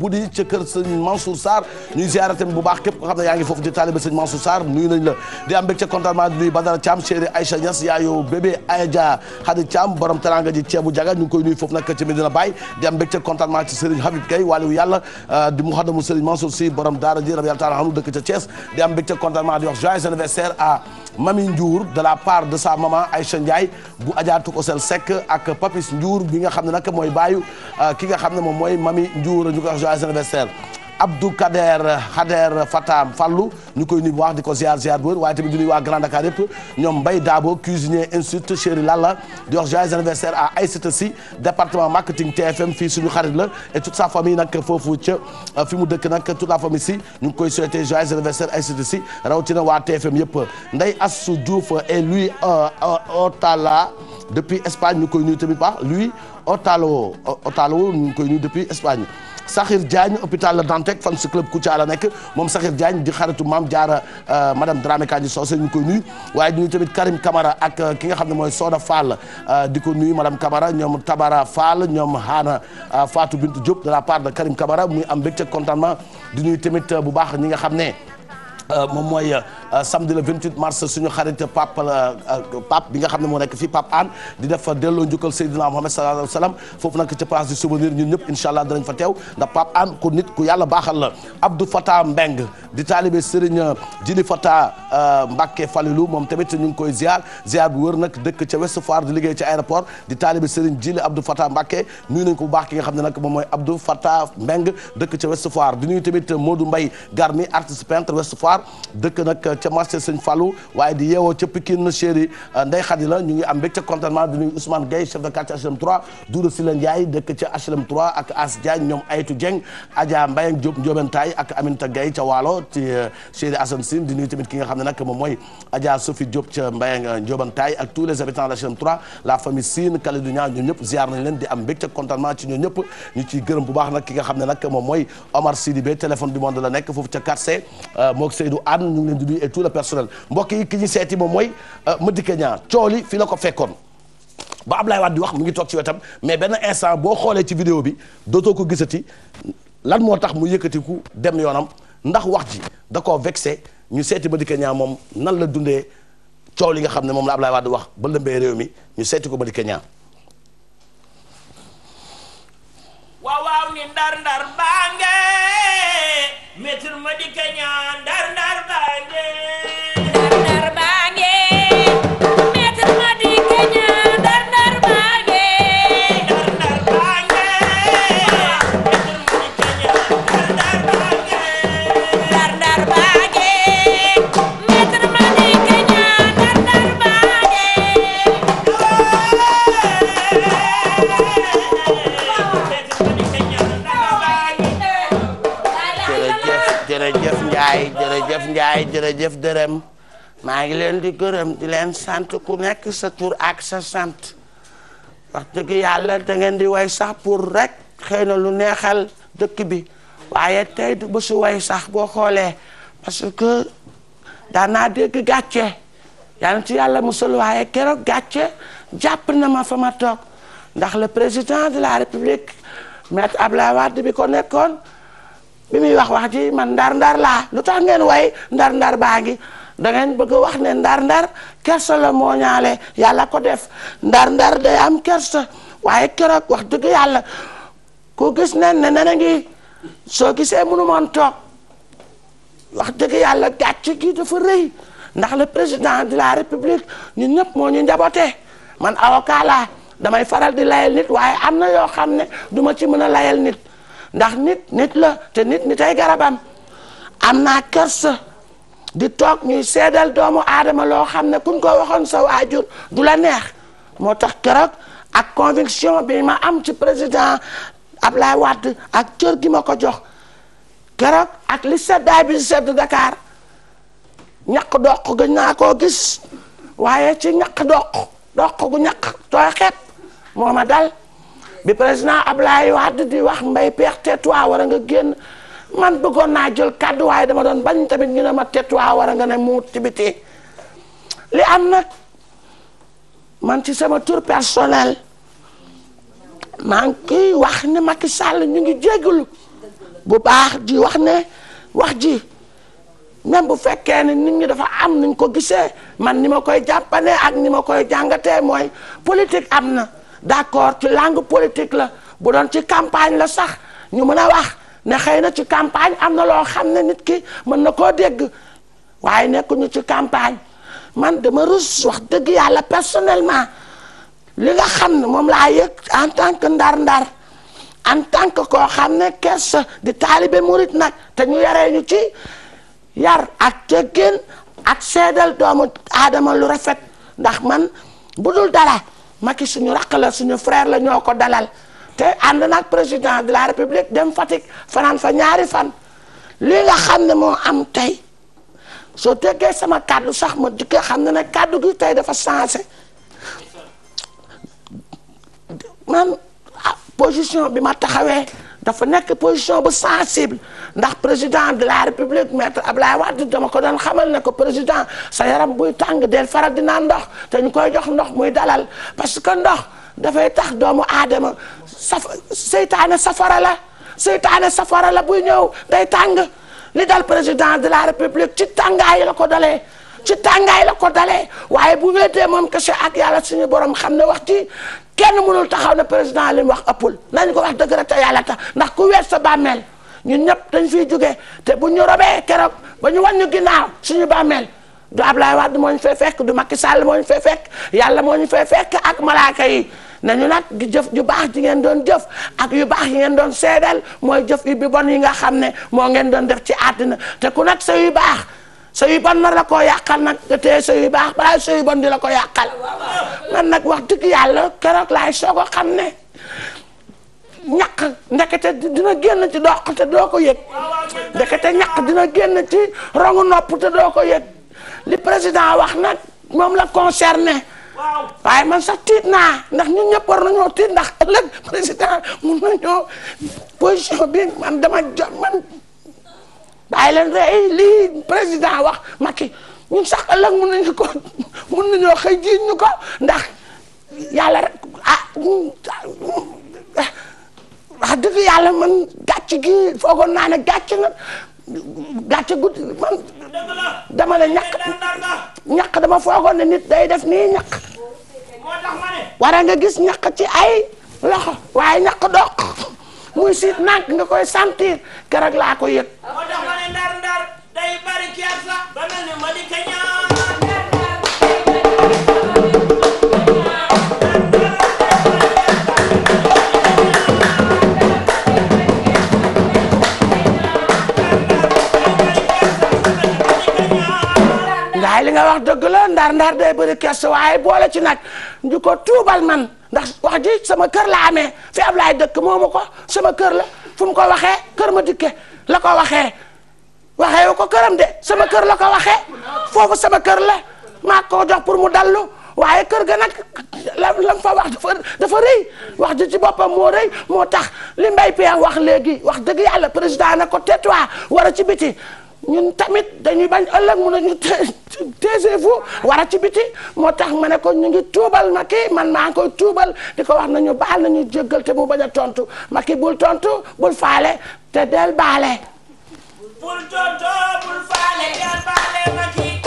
guddi ca kër sëñ Mansour Sarr ñuy ziara tamit bu baax képp ko xam ne yaa ngi foofu di taalibe sëñ Mansour Sarr nuyu nañ la di am ci Medina Baye di am bi nga xam ne nag mooy baayu euh, ki nga xam ne moom mooy Mami Ndiour ñu ko wax joyeux anniversaire Abdou Kader Kader Fatam Fallou ñu koy nuyu di ko ziar ziar bu wér waaye waa Grand Dakar yëpp ñoom Mbaye Dabo cuisinier institut chéri Lalla di wax joyeux marketing TFM fii suñu xarit la et toute sa famille nag foofu ca euh, fi mu dëkk nag toute la famille si ñu ngi koy souhaiter joyeux anniversaire Aïssata Sy rawatina waa TFM yëpp Ndeye Assou Diouf et lui euh, euh, Otala depuis Espagne ñu koy nuyu tamit lui Otalo Otalo ñu ngi depuis Espagne. Sakhir Diagne hôpital La Dantec fan si club Kouthia la nekk moom Sakhir Diagne di xaritu maam jaara euh, madame Dramé Kandji Socé ñu koy nuyu waaye di nuyu tamit Karim kamara ak euh, ki nga xam ne mooy Soda Fall euh, di ko nuyu madame Camara ñoom Tabara Fall ñoom Hana Fatou bintu Diop de la part de Karim Camara muy am mbégte contentement di nuyu tamit bu baax ñi nga xam ne moom mooy. Euh, samedi le 28 mars suñu xarit Pape euh, Pape bi nga xam ne moo nekk fii Pape Anne di def delloo njukkal Seydina Mohamed sallallahu alayhi wa sallam foofu nag ca place du souvenir ñun ñëpp incha allah danañ fa teew ndax Pape Anne ku nit ku yàlla baaxal la Abdou Fatah Mbeng di taalibe Serigne Jili Fatah euh, Mbacke Falilou moom tamit ñu ngi koy ziar ziar bu wër nag dëkk ca Ouest Foire di liggéey ci aéroport di taalibe Serigne Jili Abdou Fatah Mbacke nuyu nañ bu baax ki nga xam ne nag moom mooy Abdou Fatah Mbeng dëkk ca Ouest Foire di nuyu tamit Modou Mbaye Garmi artiste peintre Ouest dëkk nag ca marché Sëñ Fallou waaye di yeewoo ca Pikine chéri euh, Ndeye Khady la ñu ngi am mbégte contentement di nuyu Ousmane Gueye chef de quartier HLM 3 Doudou Sylla Ndiaye dëkk ca HLM 3 ak As Diagne ñoom Aytu Dieng Adja Mbaye Diop Ndiobentaay ak Aminata Gueye ca Waalo ci euh, chéri Assane Sine di nuyu tamit ki nga xam ne nag moom mooy Adja Sophie Diop ca Mbaye euh, Ndiobentaay ak tous les habitants de HLM 3 la famille Sine Kalidou Niang ñoom ñëpp ziar nañ leen di am mbégte contentement ci ñoom ñëpp ñu ciy gërëm bu baax nag ki nga xam ne nag moom mooy Omar Sidibé téléphone du monde la nekk foofu ca quartier mook Seydou Anne ñu ngi leen di nuyu et tout le personnel mbokk yi ki ñu seeti moom mooy euh, Madické Niang cooli fi la ko fekkoon ba Ablaye Wade di wax mu ngi toog ci wetam mais benn instant boo xoolee ci vidéo bi dootoo ko gisati lan moo tax mu yëkkatiku dem yoonam ndax wax ji da koo vexé ñu seeti Madické Niang moom nan la dundee coow li nga xam ne moom la Ablaye Wade wax ba lëmbee réew mi ñu seeti ko Madické Niang waaw waaw ni ndar ndar baa nge maître Madické Niang jërëjëf Ndiaye jërëjëf Ndiaye jërëjëf dërëm maa ngi leen di gërëm di leen sant ku nekk sa tur ak sa sant wax dëgg yàlla da ngeen di way sax pour rek xëy na lu neexal dëkk bi waaye tey du bésu way sax boo xoolee parce que daanaa dégg gàcce yàlla ci yàlla musal waaye keroog gàcce jàpp na ma fa ma toog ndax le président de la république maître Abdoulaye Wade bi ko nekkoon bi muy wax wax ji man ndar ndar laa lu tax ngeen way ndar ndar baa ngi da ngeen bëgg wax ne ndar ndar kersa la moo ñaale yàlla ko def ndar ndar day am kersa waaye keroog wax dëgg yàlla ku gis nen ne nena ngi soo gisee mënu moon toog wax dëgg yàlla gàcce gi dafa rëy ndax le président de la république ñun ñëpp moo ñu njabootee man avocat laa damay faral di layal nit waaye am na yoo xam ne duma ci mën a layal nit ndax nit nit la te nit nit ay garabam am naa kersa di toog ñuy seedal doomu aadama loo xam ne kuñ ko waxoon sa waajur du la neex moo tax keroog ak conviction bi ma am ci président Ablaye Wade ak cër gi ma ko jox keroog ak li seddaay bi sedd Dakar ñak doq gëj naa ko gis waaye ci ñaq doq doq gu ñaq tooy xepp moo ma dal bi président Ablaye Wade di wax mbay peex tetuwaa war nga génn man bëggoon naa jël kàdduwaay dama doon bañ tamit ñu ne ma tetuwaa war nga ne mu ci biti li am nag man ci sama tour personnel maa ngi wax ne Macky Sall ñu ngi jégalu bu baax ji wax ne wax ji même bu fekkee ne nit ñi dafa am nuñ ko gisee man ni ma koy jàppalee ak ni ma koy jàngatee mooy politique am na d'accord ci langue politique la bu doon ci campagne la sax ñu mën a wax ne xëy na ci campagne am na loo xam ne nit ki mën na koo dégg waaye nekkuñu ci campagne man dama rus wax dëgg yàlla personnellement li nga xam ne moom laa yëg en tant que ndar-ndar en tant que xam ne kees di taalibe murit nag te ñu yaree ñu ci yar ak teggin ak seedal doomu aadama lu rafet ndax man bu dul dara Macky suñu rakk la suñu frère la ñoo ko dalal te ànd nag président de la république dem Fatick fanaan fa ñaari fan li nga xam ne moo am tey soo déggee sama kàddu sax ma di xam ne nag kàddu gi tey dafa changé man ah, position bi ma taxawee dafa nekk position bu sensible ndax président de la république maître Ablaye Wade dama ko doon xamal ne ko président sa yaram buy tàng del faral di naan ndox te ñu koy jox ndox muy dalal parce que ndox dafay tax doomu aadama saf safara la seytaane safara la buy ñëw day tàng li dal président de la république ci tàngaay la ko dalee ci tàngaay la ko dalee waaye bu wéetee moom kese ak yàlla suñu borom xam ne wax ci kenn mënul taxaw na président li mu wax ëppul nañ ko wax dëgg rek te yàlla tax ndax ku weer sa bàmmeel ñun ñëpp dañ fiy jógee te bu ñu robee keroog ba ñu wax wàññi ginnaaw suñu bàmmeel du Ablaye Wade moo ñu fay fekk du Macky Sall moo ñu fay fekk yàlla moo ñu fay fekk ak malaaka yi ñu nag jëf ju baax ji ngeen doon jëf ak yu baax yi ngeen doon seedal mooy jëf yu bi bon yi nga xam ne moo ngeen doon def ci àddina te ku nag sa yu baax sa yu bon na la koo yàqal nag te yu baax balaa sa yu bon la ko yàqal man nag wax dëgg yàlla keroog laay soog a xam ne ñaq ndekete dina génn ci doq te doo ko yëg ndekete ñaq dina génn ci rongu nopp te doo ko yëg li président wax nag moom la concerné waaye man sax tiit naa ndax ñun ñëpp war nañoo tiit ndax ëllëg président mun nañoo position bi man dama jot man bàyyi leen rey eh, lii président wax Macky ñun sax mu mun nañu ko mun nañoo xëy jiiñ ñu ko ndax yàlla rek ah wax dëgg yàlla ma gàcc gi foogoon naa gàcc na gàcc guddi man dama ne ñàkk ñàkk dama foogoon ne nit day def nii ñàkk wara nga gis ñàkk ci ay loxo waaye ñàkk doq muy siit nànk nga koy sentir keroog laa ko yëg. moo tax ma ne waaye li nga wax dëgg la ndar ndar day bëri kes waaye boole ci nag ñu ko tuubal man ndax wax ji sama kër la amee fi ab dëkk moomu ko sama kër la fu ko waxee kër ma dikke la ko waxee waxee wu ko këram de sama kër la ko waxee foofu sama kër la maa ko jox pour mu dallu waaye kër ga nag la la fa wax dafa rëy wax ji ci boppam moo rëy moo tax li mbay pee wax léegi wax dëgg yàlla président na ko tet waa war ci biti ñun tamit dañuy bañ ëllëg mun nañu taisez-vous war a ci biti moo tax ma ne ko ñu ngi tuubal ma kii man maa ngi tuubal di ko wax nañu baal nañu jéggal te mu bañ a tontu ma kii bul tontu bul faale te del baale. bul tontu bul faale del baale ma